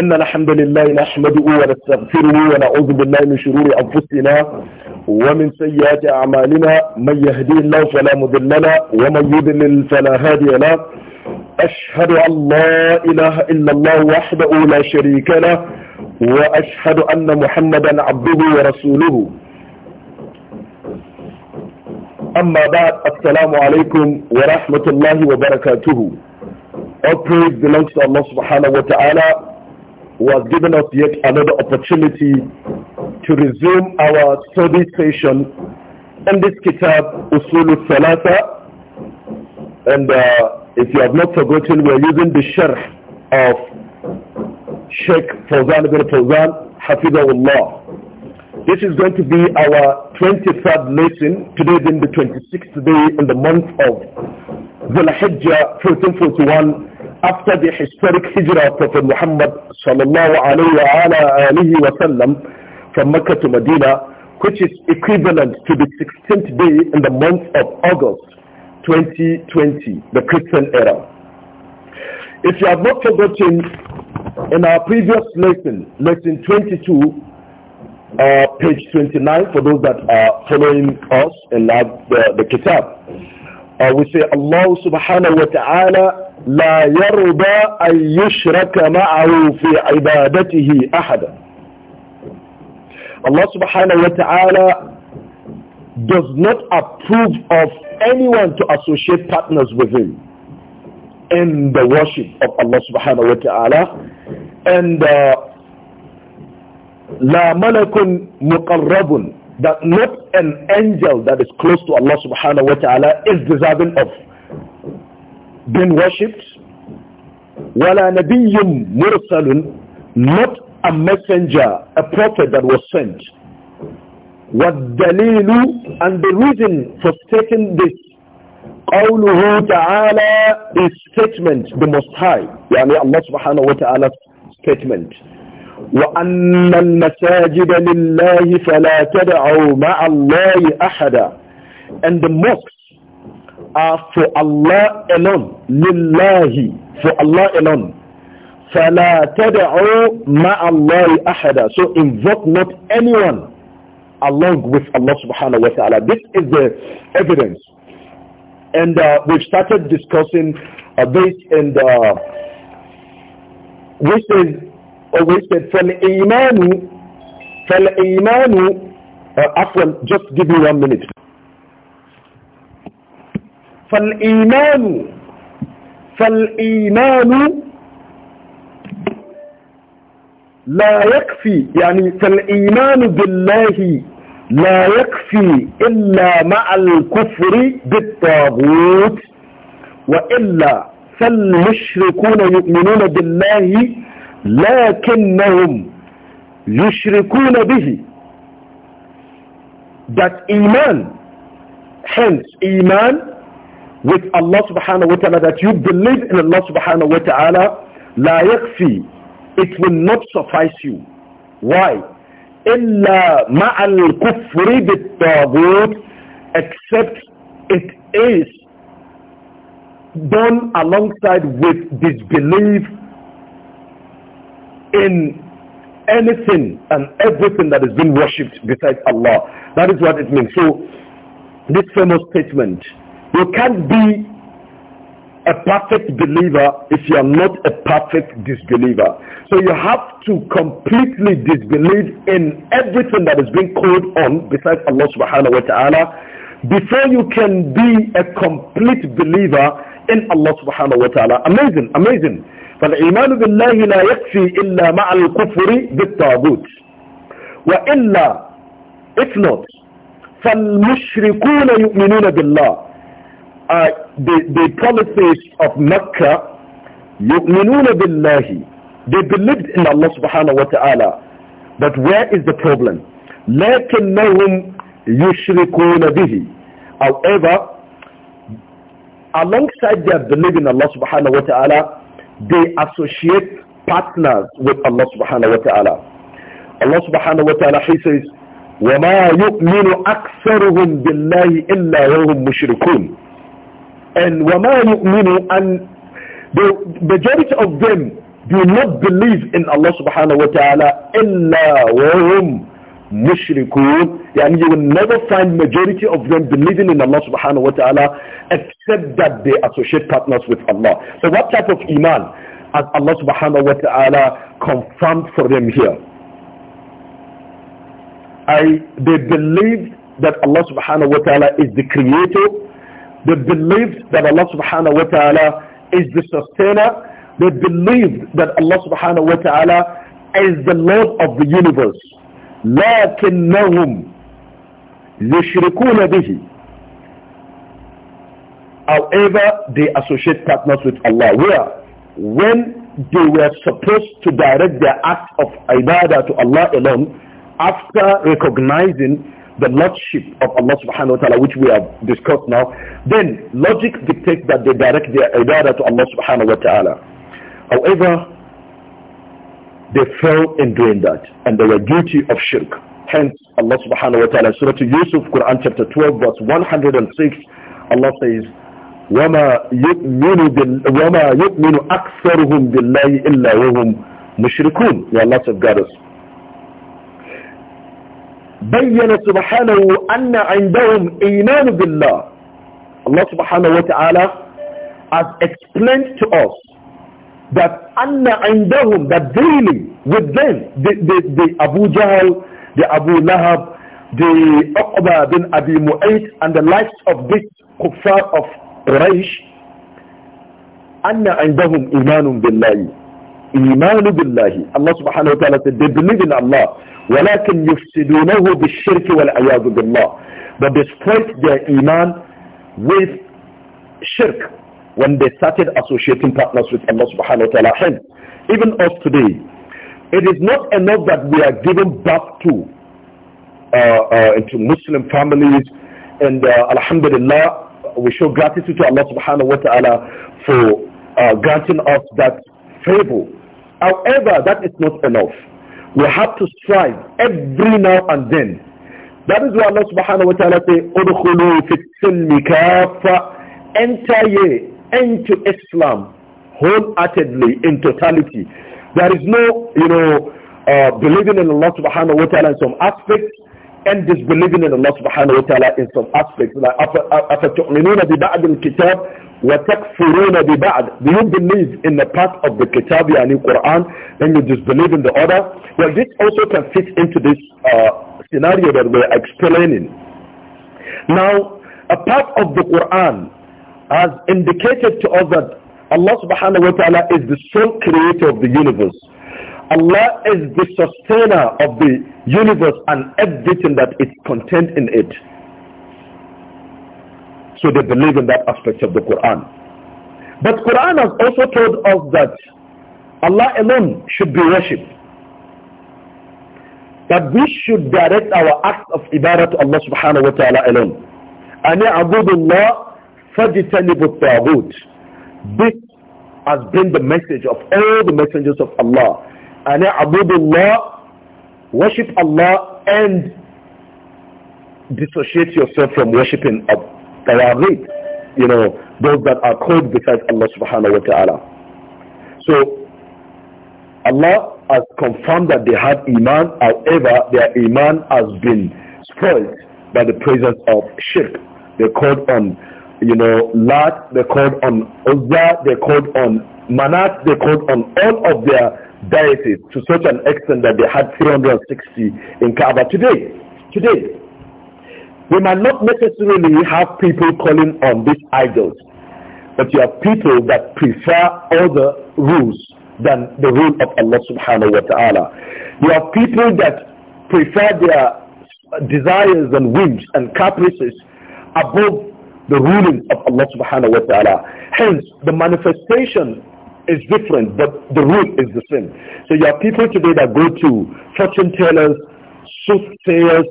إن الحمد لله نحمده ونستغفره ونعوذ بالله من شرور أنفسنا ومن سيئات أعمالنا من يهدي الله فلا مضل له ومن يضلل فلا هادي له أشهد أن لا إله إلا الله وحده لا شريك له وأشهد أن محمدا عبده ورسوله أما بعد السلام عليكم ورحمة الله وبركاته All praise belongs to Allah subhanahu wa ta'ala who has given us yet another opportunity to resume our study session in this kitab, Usul Salata. And uh, if you have not forgotten, we are using the sharh of Sheikh Fawzan ibn Fawzan, Hafizahullah. This is going to be our 23rd lesson. Today being the 26th day in the month of Dhul Hijjah 1441 after the historic hijrah of Prophet Muhammad sallallahu alayhi wa sallam from Mecca to Medina which is equivalent to the 16th day in the month of August 2020, the Christian era. If you have not forgotten, in our previous lesson, lesson 22, uh, page 29, for those that are following us and have the, the Kitab, uh, we say Allah subhanahu wa ta'ala لا يرضى أن يشرك معه في عبادته أحدا Allah subhanahu wa ta'ala does not approve of anyone to associate partners with him in the worship of Allah subhanahu wa ta'ala and uh, لا ملك مقرب that not an angel that is close to Allah subhanahu wa ta'ala is deserving of being worshipped. وَلَا نَبِيٌّ مُرْسَلٌ Not a messenger, a prophet that was sent. وَالدَّلِيلُ And the reason for stating this قوله تعالى is statement, the Most High, يعني Allah subhanahu wa ta'ala's statement. وأن المساجد لله فلا تدعوا مع الله أحدا and the mosques are for Allah alone لله for Allah alone فلا تدعوا مع الله أحدا so invoke not anyone along with Allah subhanahu wa ta'ala this is the evidence and uh, we've started discussing a uh, this and uh, this is always said, فَالْإِيمَانُ فَالْإِيمَانُ uh, just give me one minute. فَالْإِيمَانُ فَالْإِيمَانُ لا يكفي يعني فالإيمان بالله لا يكفي إلا مع الكفر بالطاغوت وإلا فالمشركون يؤمنون بالله لَكِنَّهُمْ يُشْرِكُونَ بِهِ That Iman, hence Iman with Allah subhanahu wa ta'ala, that you believe in Allah subhanahu wa ta'ala, لَا يَكْفِي It will not suffice you. Why? إِلَّا مَعَ الْكُفْرِ بِالطَّاغُوتِ Except it is done alongside with disbelief in anything and everything that is being worshipped besides Allah. That is what it means. So this famous statement, you can't be a perfect believer if you are not a perfect disbeliever. So you have to completely disbelieve in everything that is being called on besides Allah subhanahu wa ta'ala before you can be a complete believer in Allah subhanahu wa ta'ala. Amazing, amazing. فالإيمان بالله لا يكفي إلا مع الكفر بالطاغوت وإلا if not فالمشركون يؤمنون بالله the, policies of Mecca يؤمنون بالله they believed in Allah subhanahu wa ta'ala but where is the problem لكنهم يشركون به however alongside their belief in Allah subhanahu wa ta'ala they associate partners with Allah subhanahu wa ta'ala. Allah subhanahu wa ta'ala, he says, وَمَا يُؤْمِنُ أَكْثَرُهُمْ بِاللَّهِ إِلَّا وَهُمْ مُشْرِكُونَ And وَمَا يُؤْمِنُ And the majority of them do not believe in Allah subhanahu wa ta'ala إِلَّا وَهُمْ مُشْرِكُونَ and you will never find majority of them believing in Allah subhanahu wa ta'ala except that they associate partners with Allah. So what type of iman has Allah subhanahu wa ta'ala confirmed for them here? I, they believed that Allah subhanahu wa ta'ala is the creator. They believed that Allah subhanahu wa ta'ala is the sustainer. They believed that Allah subhanahu wa ta'ala is the Lord of the universe. لكنهم يشركون به However, they associate partners with Allah. Where? When they were supposed to direct their act of ibadah to Allah alone, after recognizing the lordship of Allah subhanahu wa ta'ala, which we have discussed now, then logic dictates that they direct their ibadah to Allah subhanahu wa ta'ala. However, they fell in doing that and they were guilty of shirk. Hence, Allah subhanahu wa ta'ala, Surah Yusuf, Quran chapter 12, verse 106, Allah says, وما يؤمن بال... وما يؤمن أكثرهم بالله إلا وهم مشركون يا الله تبارك بين سبحانه أن عندهم إيمان بالله الله سبحانه وتعالى has explained to us that ان عندهم that daily with them the, the, the Abu Jahl the Abu Lahab the Uqba bin Abi Mu'ayt and the likes of this kuffar of Quraysh أن عندهم إيمان بالله إيمان بالله الله سبحانه وتعالى said they believe in Allah ولكن يفسدونه بالشرك والعياذ بالله but they spoiled their iman with shirk when they started associating partners with Allah subhanahu wa ta'ala hence even us today it is not enough that we are given back to uh, uh, into Muslim families and uh, alhamdulillah we show gratitude to Allah subhanahu wa ta'ala for uh, granting us that favor. However, that is not enough. We have to strive every now and then. That is why Allah subhanahu wa ta'ala says, Udkhulu fi enter ye into Islam wholeheartedly in totality. There is no, you know, uh, believing in Allah subhanahu wa ta'ala in some aspects and disbelieving in Allah subhanahu wa ta'ala in some aspects. Like, أَفَتُؤْمِنُونَ بِبَعْدِ الْكِتَابِ وَتَكْفُرُونَ بِبَعْدِ Do you believe in the part of the Kitab, yani Quran, and you disbelieve in the other? Well, this also can fit into this uh, scenario that we're explaining. Now, a part of the Quran has indicated to us that Allah subhanahu wa ta'ala is the sole creator of the universe. Allah is the sustainer of the universe and everything that is contained in it. So they believe in that aspect of the Quran. But Quran has also told us that Allah alone should be worshipped. That we should direct our acts of ibadah to Allah subhanahu wa ta'ala alone. أَنِ أَعْبُدُ اللَّهِ فَجِتَنِبُ الطَّاغُوتِ This has been the message of all the messengers of Allah and abudullah, worship Allah and dissociate yourself from worshiping of Tawagit, you know, those that are called besides Allah subhanahu wa ta'ala. So Allah has confirmed that they had Iman, however, their Iman has been spoiled by the presence of shirk. They called on, you know, Lat, they called on Uzza, they called on Manat, they called on all of their deities to such an extent that they had 360 in Kaaba. Today, today, we might not necessarily have people calling on these idols, but you have people that prefer other rules than the rule of Allah subhanahu wa ta'ala. You have people that prefer their desires and whims and caprices above the ruling of Allah subhanahu wa ta'ala. Hence, the manifestation is different, but the root is the same. So you have people today that go to fortune tellers, soothsayers,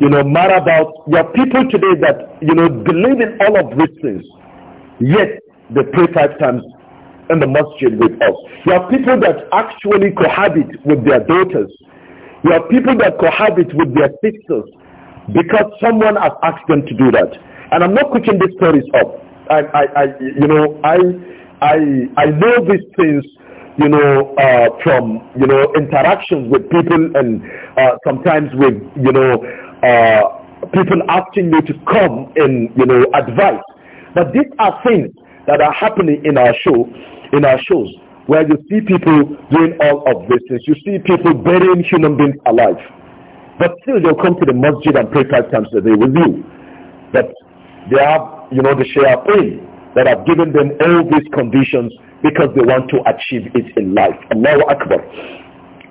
you know, marabouts. You have people today that, you know, believe in all of these things, yet they pray five times in the masjid with us. You have people that actually cohabit with their daughters. You have people that cohabit with their sisters because someone has asked them to do that. And I'm not putting these stories up. I, I, I, you know, I I, I know these things, you know, uh, from, you know, interactions with people and uh, sometimes with, you know, uh, people asking me to come and, you know, advise. But these are things that are happening in our show, in our shows, where you see people doing all of these things. You see people burying human beings alive. But still they'll come to the masjid and pray five times a day with you. But they have, you know, they share pain that have given them all these conditions because they want to achieve it in life. Allahu Akbar.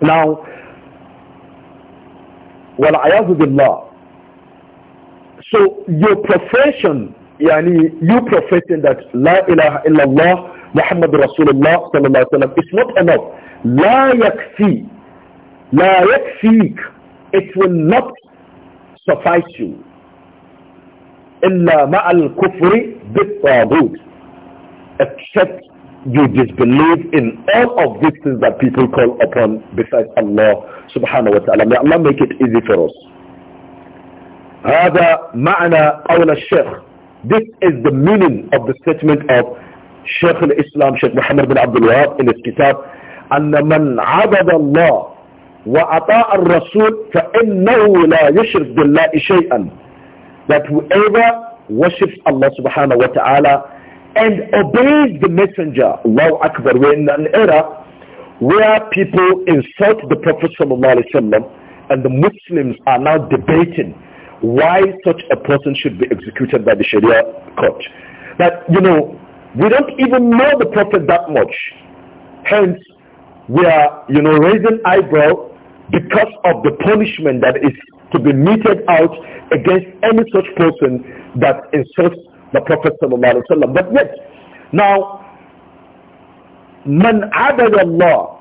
Now, well, law. So your profession, yani you professing that La ilaha illallah Muhammad Rasulullah sallallahu alaihi wasallam, it's not enough. La yakfi, la yakfiq. It will not suffice you. إلا مع الكفر بالطاغوت except you disbelieve in all of these things that people call upon besides Allah subhanahu wa ta'ala may Allah make it easy for us هذا معنى قول الشيخ this is the meaning of the statement of شيخ الإسلام شيخ محمد بن عبد الوهاب in his kitab أن من عبد الله وأطاع الرسول فإنه لا يشرك بالله شيئا that whoever worships Allah subhanahu wa ta'ala and obeys the messenger, Allahu Akbar, we're in an era where people insult the Prophet sallallahu alaihi wasallam and the Muslims are now debating why such a person should be executed by the Sharia court. That, you know, we don't even know the Prophet that much. Hence, we are, you know, raising eyebrow because of the punishment that is to be meted out against any such person that insults the Prophet sallallahu But yet, now, man abad Allah,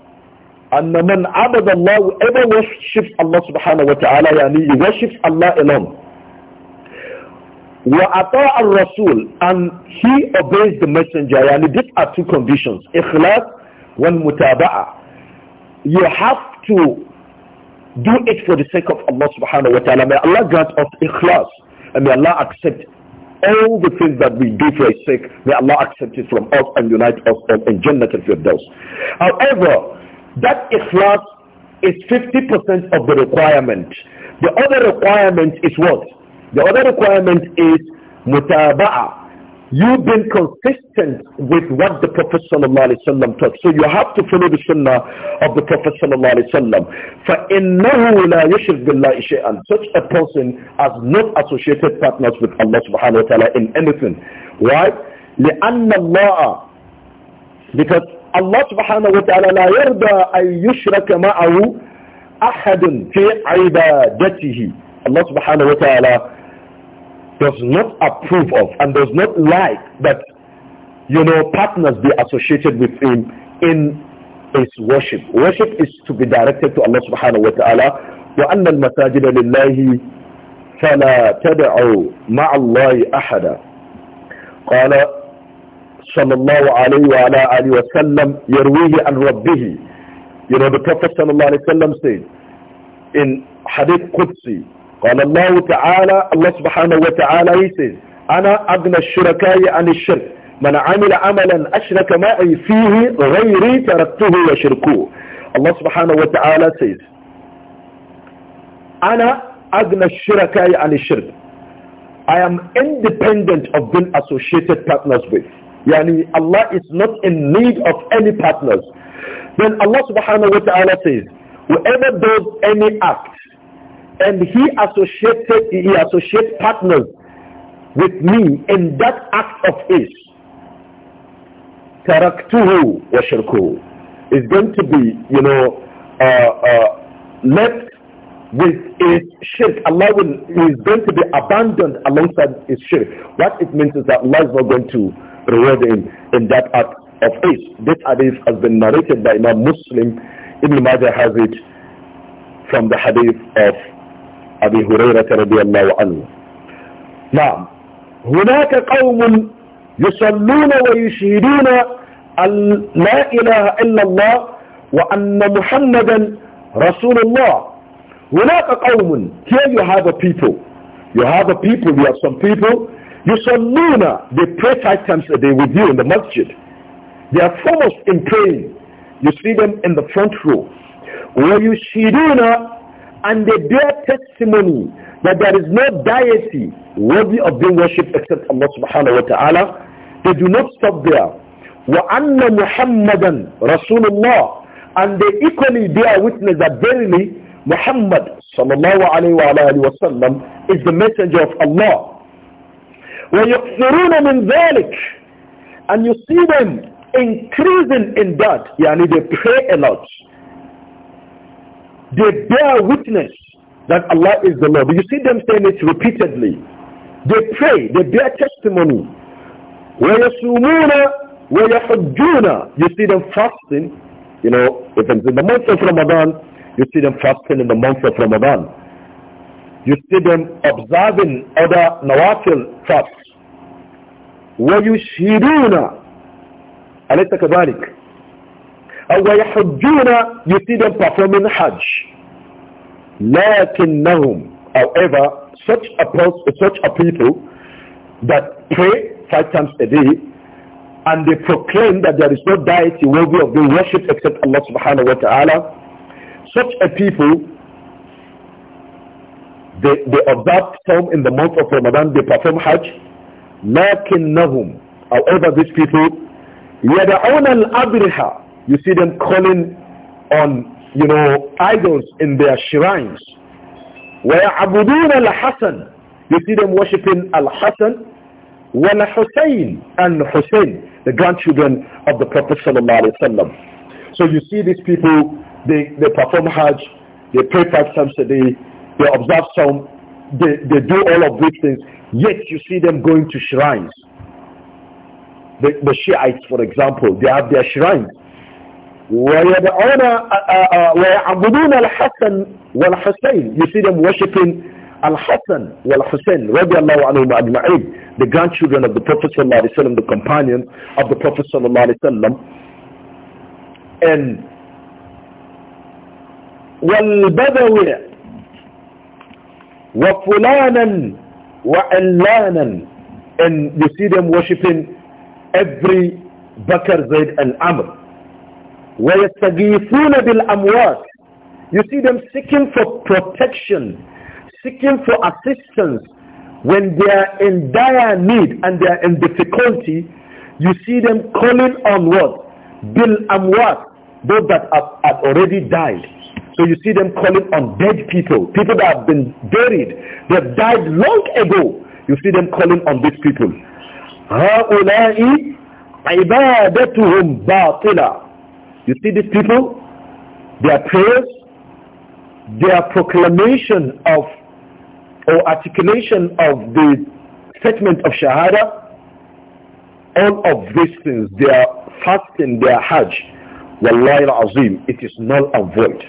and man abad Allah, whoever worships Allah subhanahu wa ta'ala, he worships Allah alone. وَأَطَاعَ الرَّسُولِ And he obeys the messenger. Yani these are two conditions. إخلاص and mutaba'a. You have to do it for the sake of Allah subhanahu wa ta'ala. May Allah grant us ikhlas and may Allah accept all the things that we do for his sake. May Allah accept it from us and unite us all in Jannah and Firdaus. However, that ikhlas is 50% of the requirement. The other requirement is what? The other requirement is mutaba'ah You've been consistent with what the Prophet taught. So you have to follow the sunnah of the Prophet Such a person has not associated partners with Allah subhanahu wa ta'ala in anything. Why? لِأَنَّ اللَّهَ Because Allah subhanahu wa ta'ala لَا يَرْضَى أَن يُشْرَكَ مَعَهُ أَحَدٌ فِي عِبَادَتِهِ Allah subhanahu wa ta'ala does not approve of and does not like that, you know, partners be associated with him in his worship. Worship is to be directed to Allah subhanahu wa ta'ala. وأن المساجد لله فلا تدعوا مع الله أحدا قال صلى الله عليه وعلى آله وسلم يرويه عن ربه You know, the Prophet صلى الله عليه وسلم said in Hadith Qudsi, قال الله تعالى الله سبحانه وتعالى يسير أنا أبنى الشركاء عن الشرك من عمل عملا أشرك معي فيه غيري تركته وشركه الله سبحانه وتعالى سيد أنا أبنى الشركاء عن الشرك I am independent of being associated partners with يعني الله is not in need of any partners then Allah سبحانه وتعالى ta'ala says whoever does any act and he associated he associate partners with me in that act of his taraktuhu wa shirkuhu is going to be you know uh, uh, left with his shirk Allah will is going to be abandoned alongside his shirk what it means is that Allah is not going to reward him in that act of his this hadith has been narrated by Imam Muslim Ibn Majah has it from the hadith of أبي هريرة رضي الله عنه نعم هناك قوم يصلون ويشهدون أن لا إله إلا الله وأن محمدا رسول الله هناك قوم here you have a people you have a people you have some people يصلون they pray five times a day with you in the masjid they are foremost in praying you see them in the front row ويشهدون and they bear testimony that there is no deity worthy of being worshipped except Allah subhanahu wa ta'ala. They do not stop there. وَأَنَّ مُحَمَّدًا رَسُولُ اللَّهِ And they equally bear witness that verily Muhammad sallallahu alayhi wa alayhi wa sallam is the messenger of Allah. وَيُكْثِرُونَ مِنْ ذَلِكَ And you see them increasing in that. Yani they pray a lot they bear witness that Allah is the Lord. You see them saying it repeatedly. They pray, they bear testimony. You see them fasting, you know, if it's in the month of Ramadan, you see them fasting in the month of Ramadan. You see them observing other nawafil fasts. وَيُشْهِدُونَ أَلَيْسَ كَذَلِكَ وَيَحُجُّونَ You see them performing Hajj. لَكِنَّهُمْ However, such a, such a people that pray five times a day and they proclaim that there is no deity worthy of being worshipped except Allah subhanahu wa ta'ala, such a people, they, they observe some in the month of Ramadan, they perform Hajj. لكنهم However, these people, يَدَعُونَ الْأَبْرِحَ you see them calling on, you know, idols in their shrines. وَيَعْبُدُونَ الْحَسَنَ You see them worshipping Al-Hasan وَالْحُسَيْن and Hussein, the grandchildren of the Prophet sallallahu alaihi wasallam. So you see these people, they, they perform Hajj, they pray five times a day, they observe some, they, they do all of these things, yet you see them going to shrines. The, the Shiites, for example, they have their shrines ويدعون ويعبدون الحسن والحسين you see them worshipping Al-Hassan اللَّهُ radiallahu anhum ajma'in the grandchildren of the Prophet صلى الله عليه وسلم, the companions of the Prophet صلى الله عليه وسلم, and wal وَفُلانًا wa and you see them worshipping every Bakr, Zaid and Amr وَيَسْتَغِيثُونَ بِالْأَمْوَاتِ You see them seeking for protection, seeking for assistance when they are in dire need and they are in difficulty. You see them calling on what? Bil-amwat, those that have, have already died. So you see them calling on dead people, people that have been buried, they have died long ago. You see them calling on these people. هؤلاء عبادتهم باطلة you see these people, their prayers, their proclamation of or articulation of the statement of Shahada, all of these things, their fasting, their Hajj, Wallahi al-Azim, it is null and void.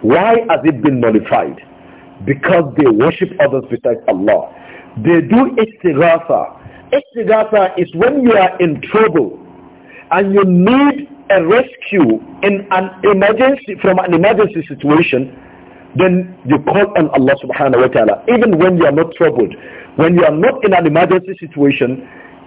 Why has it been nullified? Because they worship others besides Allah. They do istighatha. Istighatha is when you are in trouble and you need a rescue in an emergency from an emergency situation, then you call on Allah subhanahu wa ta'ala. Even when you are not troubled, when you are not in an emergency situation,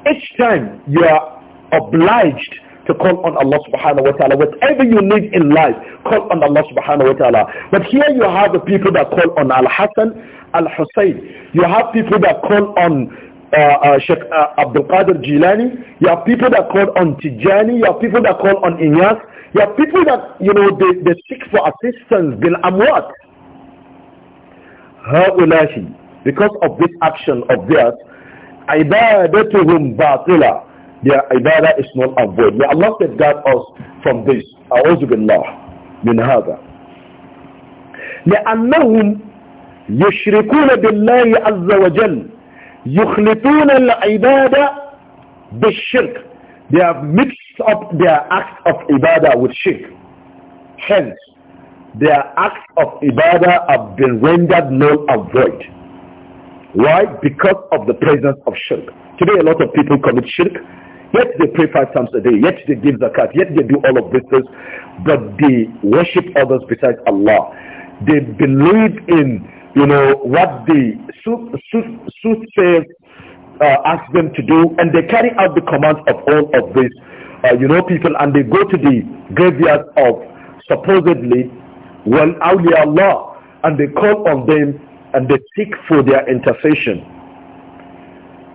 each time you are obliged to call on Allah subhanahu wa ta'ala. Whatever you need in life, call on Allah subhanahu wa ta'ala. But here you have the people that call on Al-Hassan, Al-Hussein. You have people that call on uh, uh, Sheikh uh, Abdul Qadir Jilani. You have people that call on Tijani. You have people that call on Inyas. You have people that, you know, they, they seek for assistance, bil amwat. هؤلاء because of this action of theirs عبادتهم باطلة their ibadah is not a void may Allah safeguard us from this أعوذ بالله من هذا لأنهم يشركون بالله عز وجل يخلطون العبادة They have mixed up their acts of ibadah with shirk. Hence, their acts of ibadah have been rendered null and void. Why? Because of the presence of shirk. Today a lot of people commit shirk, yet they pray five times a day, yet they give zakat, yet they do all of these but they worship others besides Allah. They believe in you know, what the soothsayers uh, ask them to do, and they carry out the commands of all of these, uh, you know, people, and they go to the graveyards of supposedly, well, awliya Allah, and they call on them and they seek for their intercession.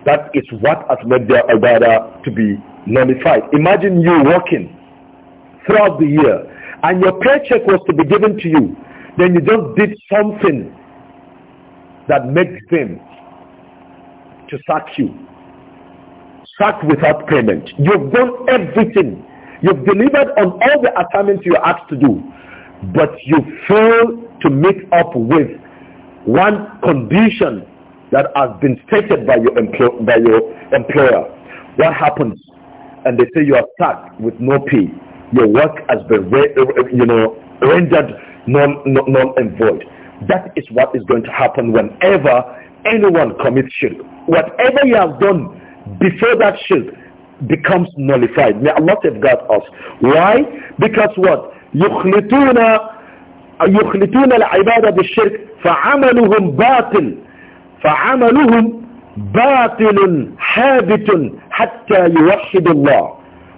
That is what has made their ibadah to be nullified. Imagine you working throughout the year and your paycheck was to be given to you. Then you just did something that makes them to sack you. Sack without payment. You've done everything. You've delivered on all the assignments you're asked to do. But you fail to meet up with one condition that has been stated by your, empl- by your employer. What happens? And they say you are sacked with no pay. Your work has been re- you know, rendered non, non, non and void. That is what is going to happen whenever anyone commits shirk. Whatever you have done before that shirk becomes nullified. May Allah have got us. Why? Because what? يخلطون يخلطون العبادة بالشرك فعملهم باطل فعملهم باطل حابت حتى يوحد الله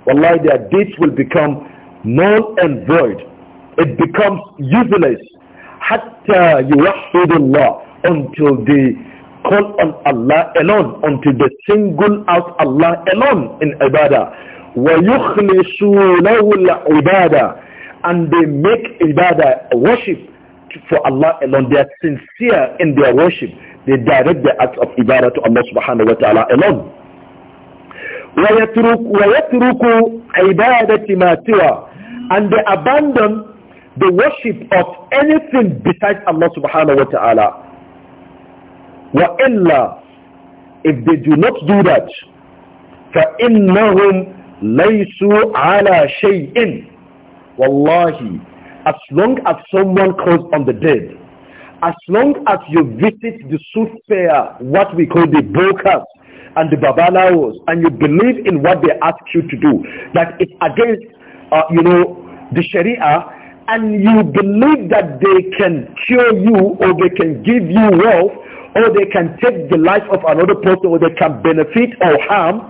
Wallahi their deeds will become null and void. It becomes useless hatta Allah, until they call on Allah alone, until they single out Allah alone in ibadah. وَيُخْلِصُوا لَهُ ibadah, And they make ibadah worship for Allah alone. They are sincere in their worship. They direct their acts of ibadah to Allah subhanahu wa ta'ala alone. وَيَتْرُكُوا عِبَادَةِ مَا سِوَى And they abandon the worship of anything besides Allah subhanahu wa ta'ala. Wa illa, if they do not do that, فَإِنَّهُمْ لَيْسُوا عَلَى شَيْءٍ Wallahi, as long as someone calls on the dead, as long as you visit the soothsayer, what we call the brokers, and the babalawos, and you believe in what they ask you to do, that it's against, uh, you know, the Sharia, and you believe that they can cure you or they can give you wealth or they can take the life of another person or they can benefit or harm,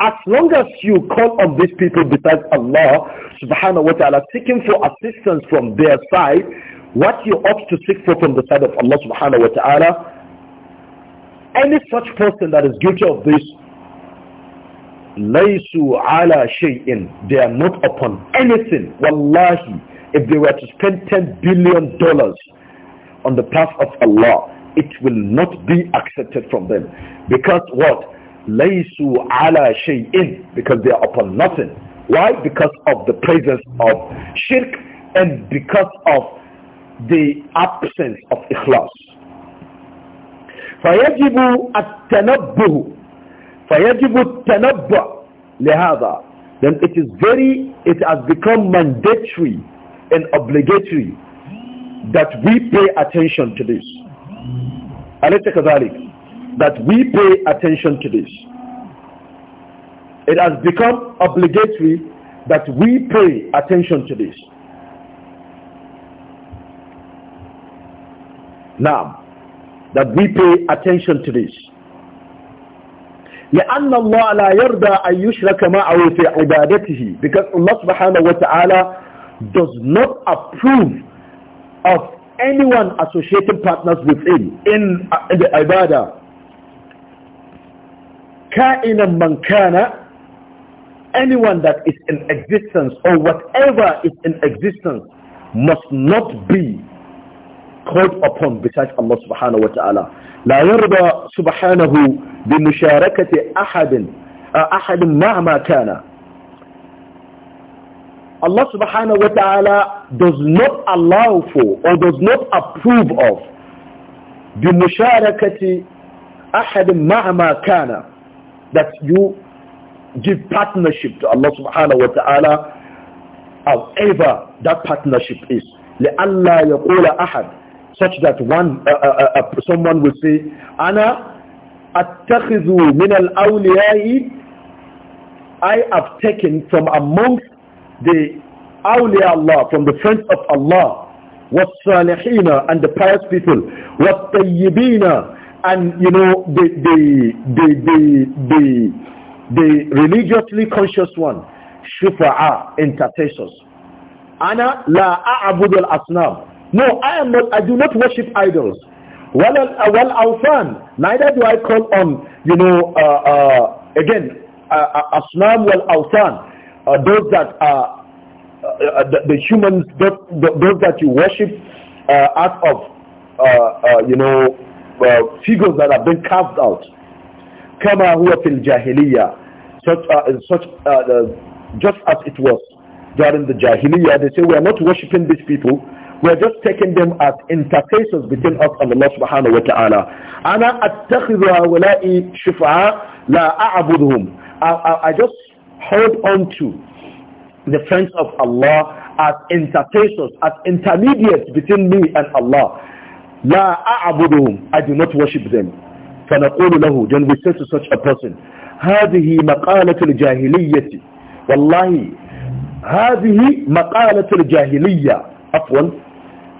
as long as you call on these people besides Allah subhanahu wa ta'ala seeking for assistance from their side, what you ought to seek for from the side of Allah subhanahu wa ta'ala, any such person that is guilty of this Laysu ala shay'in. They are not upon anything. Wallahi, if they were to spend 10 billion dollars on the path of Allah, it will not be accepted from them. Because what? Laysu ala shay'in. Because they are upon nothing. Why? Because of the presence of shirk and because of the absence of ikhlas. فيجب التنبه فَيَجِبُ التَّنَبُّعْ لِهَذَا Then it is very, it has become mandatory and obligatory that we pay attention to this. أليس كذلك? That we pay attention to this. It has become obligatory that we pay attention to this. Now, that we pay attention to this. لأن الله لا يرضى أن يشرك معه في عبادته because Allah subhanahu wa ta'ala does not approve of anyone associating partners with him in, uh, in the ibadah كائنا من كان anyone that is in existence or whatever is in existence must not be called upon besides Allah subhanahu wa ta'ala لا يرضى سبحانه بمشاركة أحد أحد مهما كان Allah سبحانه وتعالى does not allow for or does not approve of بمشاركة أحد ahad كان that you give partnership to Allah سبحانه وتعالى however that partnership is لألا يقول أحد such that one uh, uh, uh, uh someone will say ana attakhidhu min al-awliya'i I have taken from amongst the awliya Allah from the friends of Allah والصالحين and the pious people والطيبين and you know the the the the the, the religiously conscious one shufa'a intercessors ana la a'budu al-asnam no, I am not, I do not worship idols. Well, well, awsan, neither do I call on, you know, uh, uh, again, uh, uh asnam wal awsan, uh, those that are uh, uh, the, the, humans, those, those, that you worship uh, out of, you know, figures that have been carved out. Kama huwa fil jahiliya, such, such just as it was during the jahiliya. they say we are not worshiping these people we're just taking them as interfaces between us and Allah subhanahu wa ta'ala. أنا أتخذ هؤلاء شفعاء لا أعبدهم. I, just hold on to the friends of Allah as interfaces, as intermediates between me and Allah. لا أعبدهم. I do not worship them. فنقول له then we say to such a person هذه مقالة الجاهلية والله هذه مقالة الجاهلية عفوا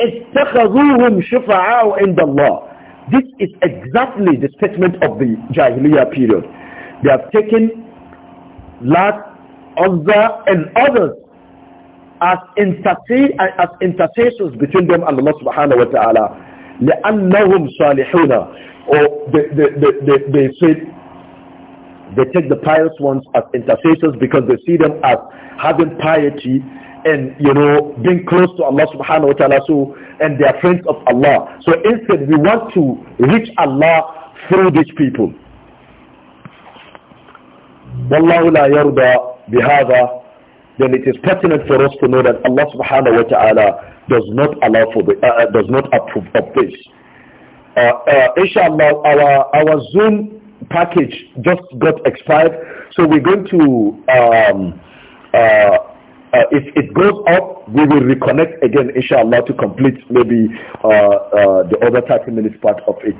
اتخذوهم شفعاء عند الله. This is exactly the statement of the Jahiliyyah period. They have taken Lat, Uzza and others as, as intercessors between them and Allah subhanahu wa ta'ala. لأنهم صالحون or they, they, they, they, say they take the pious ones as intercessors because they see them as having piety and you know being close to Allah subhanahu wa ta'ala so and they are friends of Allah. So instead we want to reach Allah through these people. Wallahu la yarda bihada then it is pertinent for us to know that Allah subhanahu wa ta'ala does not allow for the, uh, uh, does not approve of this. Uh, uh, inshallah, our, our Zoom package just got expired, so we're going to um, uh, uh, if it goes up, we will reconnect again, inshallah, to complete maybe uh, uh, the other 30 minutes part of it.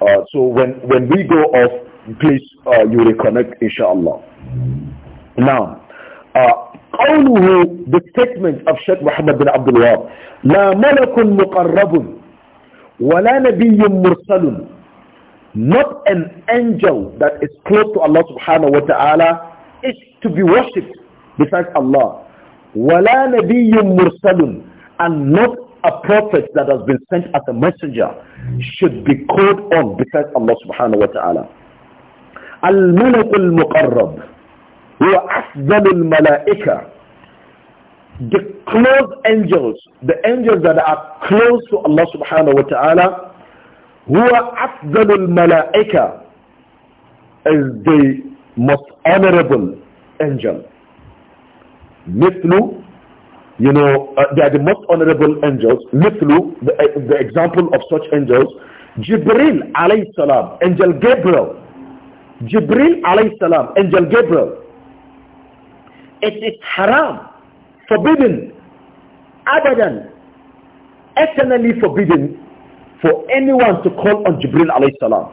Uh, so when, when we go off, please, uh, you reconnect, inshallah. Now, uh, قوله, the statement of Sheikh Muhammad bin Abdul Wahab, لا ملك مقرب ولا نبي مرسل Not an angel that is close to Allah subhanahu wa ta'ala is to be worshipped besides Allah wala nabiyyun mursalun and not a prophet that has been sent as a messenger should be called on because Allah subhanahu wa ta'ala الملك المقرب هو أفضل malaika, the close angels the angels that are close to Allah subhanahu wa ta'ala هو أفضل malaika, is the most honorable angel Mithlu, you know, uh, they are the most honorable angels. Mithlu, the, uh, the example of such angels. Jibril alayhi salam, angel Gabriel. Jibril alayhi salam, angel Gabriel. It is haram, forbidden, abadan, eternally forbidden for anyone to call on Jibril alayhi salam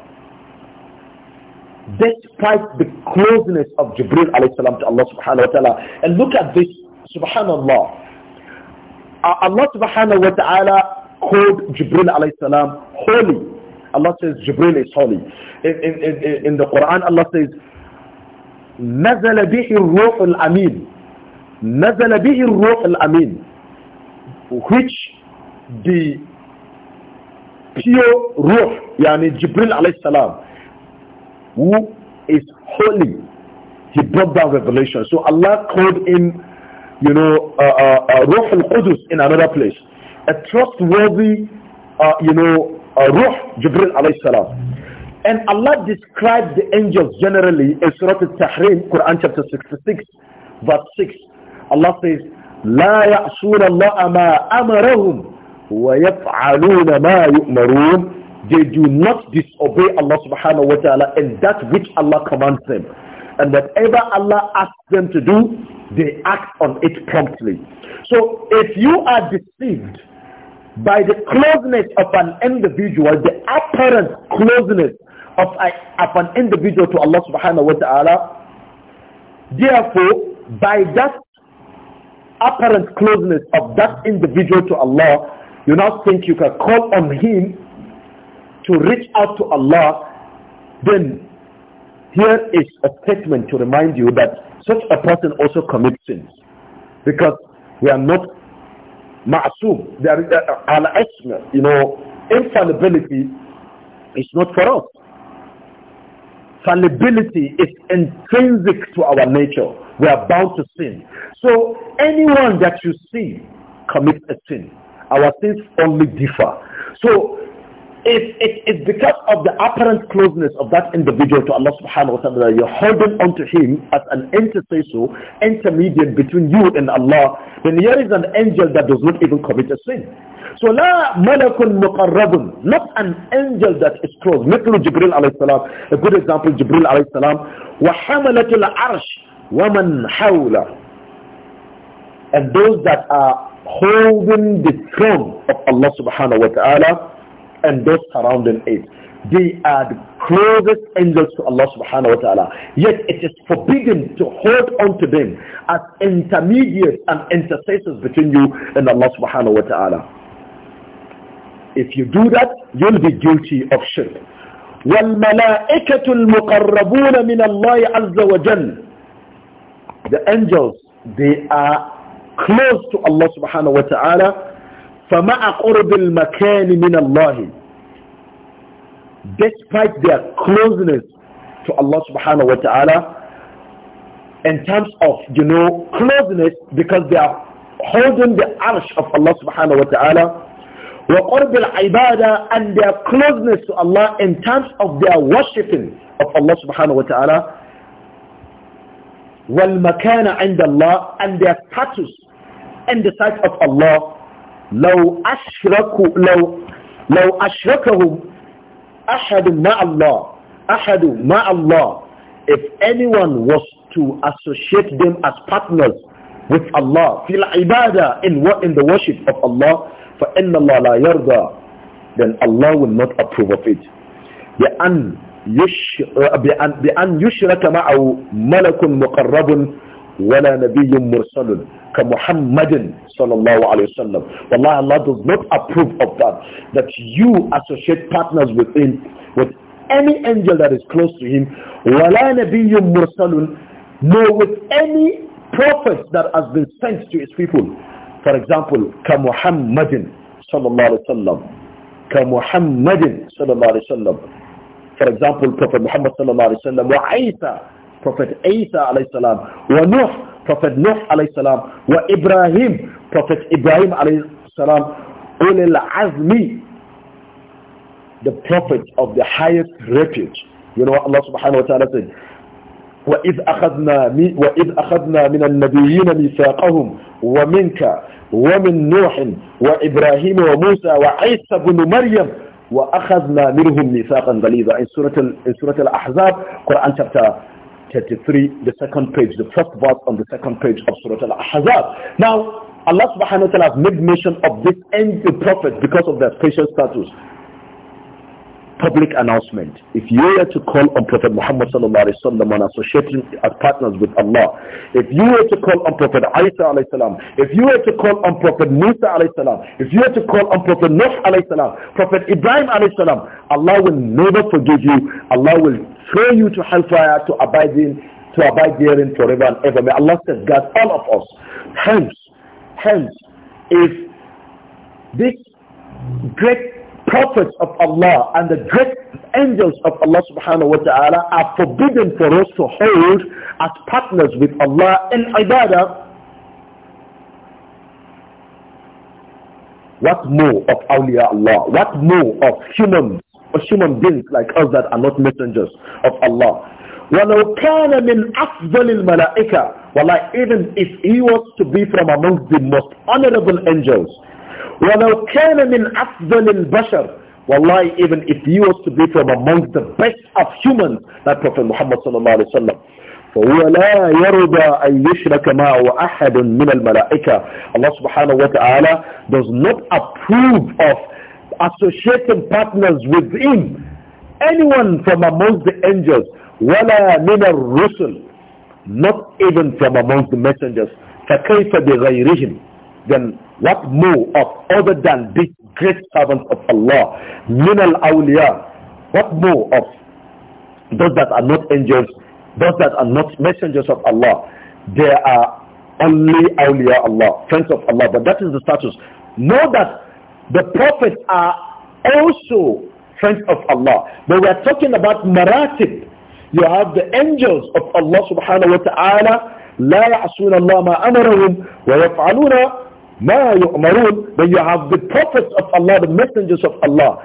despite the closeness of Jibril alayhi salam to Allah subhanahu wa ta'ala. And look at this, subhanallah. Uh, Allah subhanahu wa ta'ala called Jibril alayhi salam holy. Allah says Jibril is holy. In, in, in, in the Quran, Allah says, نزل به الروح الأمين نزل به الروح الأمين which the pure ruh, yani Jibril alayhi salam, who is holy. He brought down revelation. So Allah called him, you know, uh, uh, uh, Ruh al-Qudus in another place. A trustworthy, uh, you know, Ruh, Jibril alayhi salam. And Allah described the angels generally in Surah Al-Tahrim, Quran chapter 66, verse 6. Allah says, لا يعصون الله ما أمرهم ويفعلون ما يؤمرون they do not disobey Allah subhanahu wa ta'ala and that which Allah commands them. And whatever Allah asks them to do, they act on it promptly. So if you are deceived by the closeness of an individual, the apparent closeness of, of an individual to Allah subhanahu wa ta'ala, therefore, by that apparent closeness of that individual to Allah, you now think you can call on him to reach out to Allah, then here is a statement to remind you that such a person also commits sins. Because we are not ma'asum. There is al-asma. You know, infallibility is not for us. Fallibility is intrinsic to our nature. We are bound to sin. So anyone that you see commits a sin. Our sins only differ. So it's because of the apparent closeness of that individual to Allah subhanahu wa ta'ala, you're holding on to him as an intercessor, intermediate between you and Allah, then here is an angel that does not even commit a sin. So la malakun muqarrabun, not an angel that is close. Mithl Jibril alayhi salam, a good example, Jibril alayhi salam, wa hamalatul arsh wa man hawla. And those that are holding the throne of Allah subhanahu wa ta'ala, and those surrounding it. They are the closest angels to Allah subhanahu wa ta'ala. Yet it is forbidden to hold on to them as intermediates and intercessors between you and Allah subhanahu wa ta'ala. If you do that, you'll be guilty of shirk. وَالْمَلَائِكَةُ الْمُقَرَّبُونَ مِنَ اللَّهِ عَزَّ وَجَلَّ The angels, they are close to Allah subhanahu wa ta'ala فَمَا أَقْرُبِ الْمَكَانِ مِنَ اللَّهِ Despite their closeness to Allah subhanahu wa ta'ala, in terms of, you know, closeness, because they are holding the arsh of Allah subhanahu wa ta'ala, وَقُرْبِ الْعِبَادَةِ And their closeness to Allah in terms of their worshipping of Allah subhanahu wa ta'ala, وَالْمَكَانَ عِنْدَ اللَّهِ And their status in the sight of Allah لو أشركوا لو لو أشركهم أحد مع الله أحد مع الله if anyone was to associate them as partners with Allah في العبادة in, in the worship of Allah فإن الله لا يرضى then Allah will not approve of it بأن يشرك معه ملك مقرب ولا نبي مرسل كمحمد صلى الله عليه وسلم والله Allah does not approve of that that you associate partners with him with any angel that is close to him ولا نبي مرسل nor with any prophet that has been sent to his people for example كمحمد صلى الله عليه وسلم كمحمد صلى الله عليه وسلم for example Prophet Muhammad صلى الله عليه وسلم وعيسى Prophet Isa alayhi salam, wa Nuh, Prophet Nuh alayhi salam, wa Ibrahim, Prophet Ibrahim alayhi salam, ulil azmi, the prophet of the highest refuge. You know what Allah subhanahu wa ta'ala said, وإذ أخذنا مِنَ وإذ أخذنا من النبيين ميثاقهم ومنك ومن نوح وإبراهيم وموسى وعيسى بن مريم وأخذنا منهم ميثاقا غليظا in سورة in سورة الأحزاب قُرْآنٌ chapter 33, the second page, the first verse on the second page of Surah Al-Ahzab. Now, Allah subhanahu wa ta'ala has made mention of this and the prophet because of their special status. Public announcement. If you were to call on Prophet Muhammad sallallahu alayhi wa sallam and associating as partners with Allah, if you were to call on Prophet Isa alayhi salam, if you were to call on Prophet Musa alayhi salam, if you were to call on Prophet Nuh alayhi salam, Prophet Ibrahim alayhi salam, Allah will never forgive you. Allah will pray you to hellfire to abide in to abide therein forever and ever. May Allah safeguard all of us. Hence, hence, if this great prophets of Allah and the great angels of Allah subhanahu wa ta'ala are forbidden for us to hold as partners with Allah in ibadah. What more of awliya Allah? What more of humans or human beings like us that are not messengers of Allah. وَلَوْ كَانَ مِنْ أَفْضَلِ الْمَلَائِكَةِ Wallah, even if he was to be from among the most honorable angels. وَلَوْ كَانَ مِنْ أَفْضَلِ الْبَشَرِ Wallahi, even if he was to be from among the best of humans, that Prophet Muhammad sallallahu alayhi wa sallam. ولا يرضى أن يشرك معه أحد من الملائكة Allah subhanahu wa ta'ala does not approve of associating partners with him anyone from amongst the angels ولا mina rusul not even from amongst the messengers فكيف بغيرهم then what more of other than these great servants of Allah من الأولياء what more of those that are not angels those that are not messengers of Allah they are only awliya Allah friends of Allah but that is the status know that the prophets are also friends of Allah. But we are talking about maratib. You have the angels of Allah subhanahu wa ta'ala. لا يعصون الله ما أمرهم ويفعلون ما يؤمرون. Then you have the prophets of Allah, the messengers of Allah.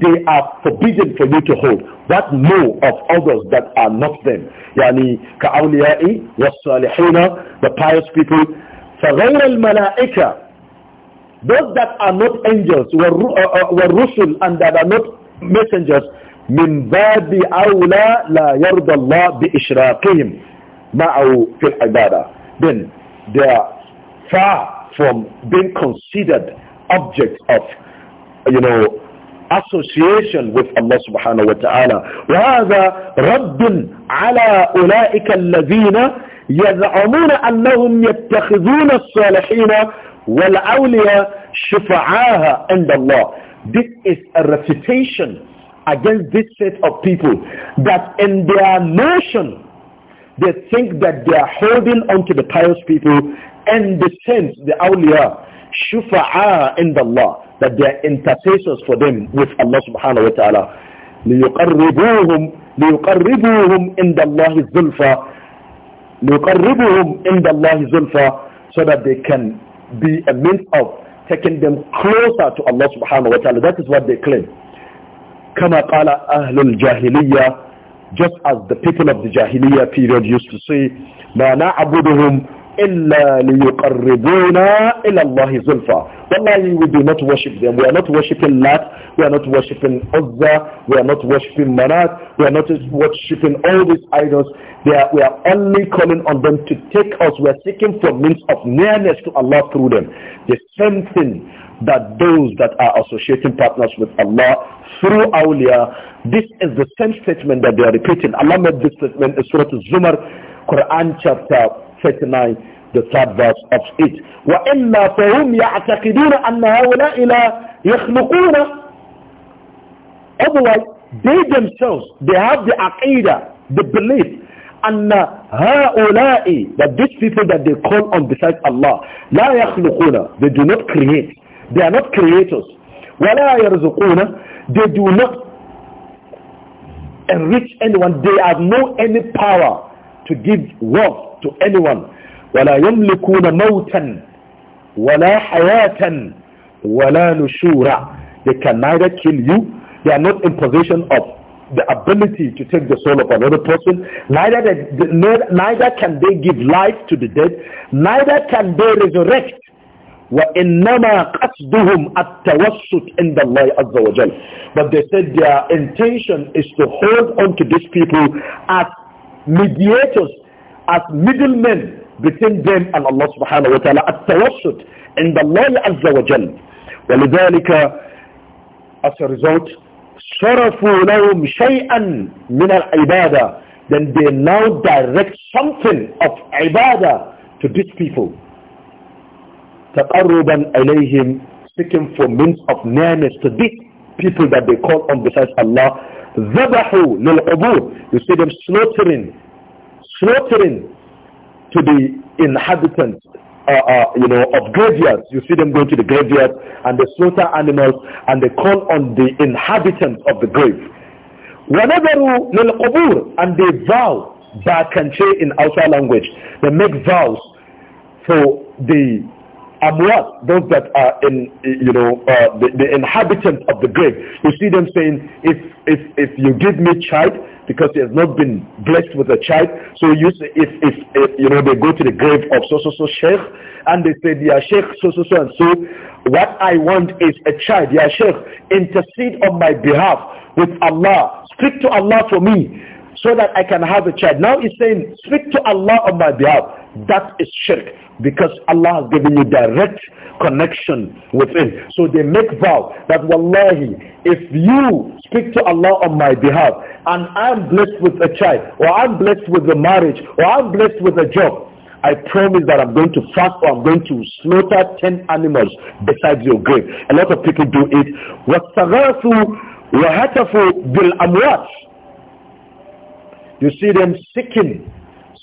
They are forbidden for you to hold What know of others that are not them. يعني كأوليائي والصالحين, the pious people. فغير الملائكة Those that are not angels, were, uh, rusul and that are not messengers, من باب أولى لا يرضى الله بإشراقهم معه في العبادة. Then they are far from being considered objects of, you know, association with Allah subhanahu wa ta'ala. وهذا رد على أولئك الذين يزعمون أنهم يتخذون الصالحين wal awliya in the law. This is a refutation against this set of people that in their notion they think that they are holding on to the pious people and the saints, the awliya, Shufa'ah in law that they are intercessors for them with Allah subhanahu wa ta'ala. ليقربوهم ليقربوهم عند الله زلفى ليقربوهم عند الله زلفى so that they can be a means of taking them closer to Allah subhanahu wa ta'ala. That is what they claim. كما قال أهل الجاهلية just as the people of the Jahiliyyah period used to say, مَا نَعْبُدُهُمْ إلا ليقربونا إلى الله زلفى Wallahi we do not worship them. We are not worshiping Lat, we are not worshiping Uzza, we are not worshiping Manat, we are not worshiping all these idols. Are, we are only calling on them to take us. We are seeking for means of nearness to Allah through them. The same thing that those that are associating partners with Allah through awliya, this is the same statement that they are repeating. Allah made this statement in Surah Zumar, Quran chapter 39, the third verse of it. وَإِلَّا فَهُمْ يَعْتَقِدُونَ أَنَّ هَؤُلَاءِ لَا يَخْلُقُونَ Otherwise, they themselves, they have the aqidah, the belief, أَنَّ هَؤُلَاءِ That these people that they call on besides Allah, لَا يَخْلُقُونَ They do not create. They are not creators. وَلَا يَرْزُقُونَ They do not enrich anyone. They have no any power to give wealth to anyone ولا يملكون موتا ولا حياة ولا نشورا they can neither kill you they are not in possession of the ability to take the soul of another person neither they, neither can they give life to the dead neither can they resurrect وإنما قصدهم التوسط عند الله عز وجل but they said their intention is to hold on to these people as mediators as middlemen between them and Allah subhanahu wa ta'ala التوسط عند الله عز وجل ولذلك as a result صرفوا لهم شيئا من العبادة then they now direct something of ibadah to these people تقربا إليهم seeking for means of nearness to these people that they call on besides Allah ذبحوا للقبور you see them slaughtering slaughtering to the inhabitants uh, uh, you know, of graveyards. You see them going to the graveyards and they slaughter animals and they call on the inhabitants of the grave. وَنَذَرُوا لِلْقُبُورِ And they vow, say in outside language. They make vows for the Amwal, those that are in, you know, uh, the, the inhabitants of the grave. You see them saying, if, if, if you give me child, because he has not been blessed with a child, so you say, if, if, if, you know, they go to the grave of so-so-so sheikh, and they say, yeah, sheikh, so-so-so and so, what I want is a child, yeah, sheikh, intercede on my behalf with Allah, speak to Allah for me, so that I can have a child. Now he's saying, speak to Allah on my behalf. That is shirk because Allah has given you direct connection with him. So they make vow that wallahi, if you speak to Allah on my behalf and I'm blessed with a child or I'm blessed with a marriage or I'm blessed with a job, I promise that I'm going to fast or I'm going to slaughter 10 animals beside your grave. A lot of people do it. You see them seeking,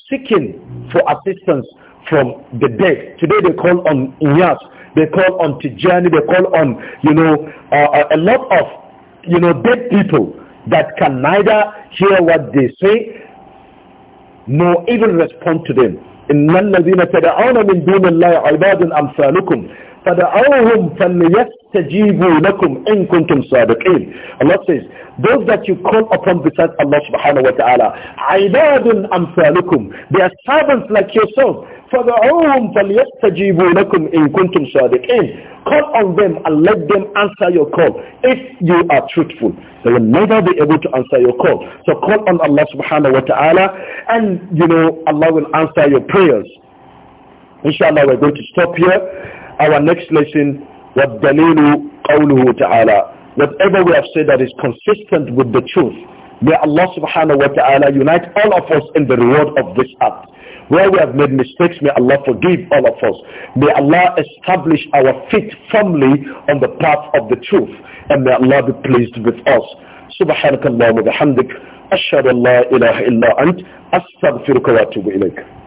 seeking for assistance from the dead. Today they call on Inyas, they call on Tijani, they call on, you know, uh, uh a lot of, you know, dead people that can neither hear what they say nor even respond to them. إن الذين تدعون من دون الله عباد أمثالكم فدعوهم فليس yastajibu lakum in kuntum Allah says, those that you call upon besides Allah subhanahu wa ta'ala, عِبَادٌ أَمْثَالُكُمْ They are servants like yourself. فَدَعُوهُمْ فَلْيَسْتَجِيبُوا لَكُمْ إِن كُنْتُمْ صَادِقِينَ Call on them and let them answer your call if you are truthful. They will never be able to answer your call. So call on Allah subhanahu wa ta'ala and you know Allah will answer your prayers. Inshallah we're going to stop here. Our next lesson وَالدَّلِيلُ قَوْلُهُ تَعَالَى Whatever we have said that is consistent with the truth, may Allah subhanahu wa ta'ala unite all of us in the reward of this act. Where we have made mistakes, may Allah forgive all of us. May Allah establish our feet firmly on the path of the truth. And may Allah be pleased with us. سبحانك اللهم وبحمدك أشهد أن لا illa إلا أنت أستغفرك وأتوب إليك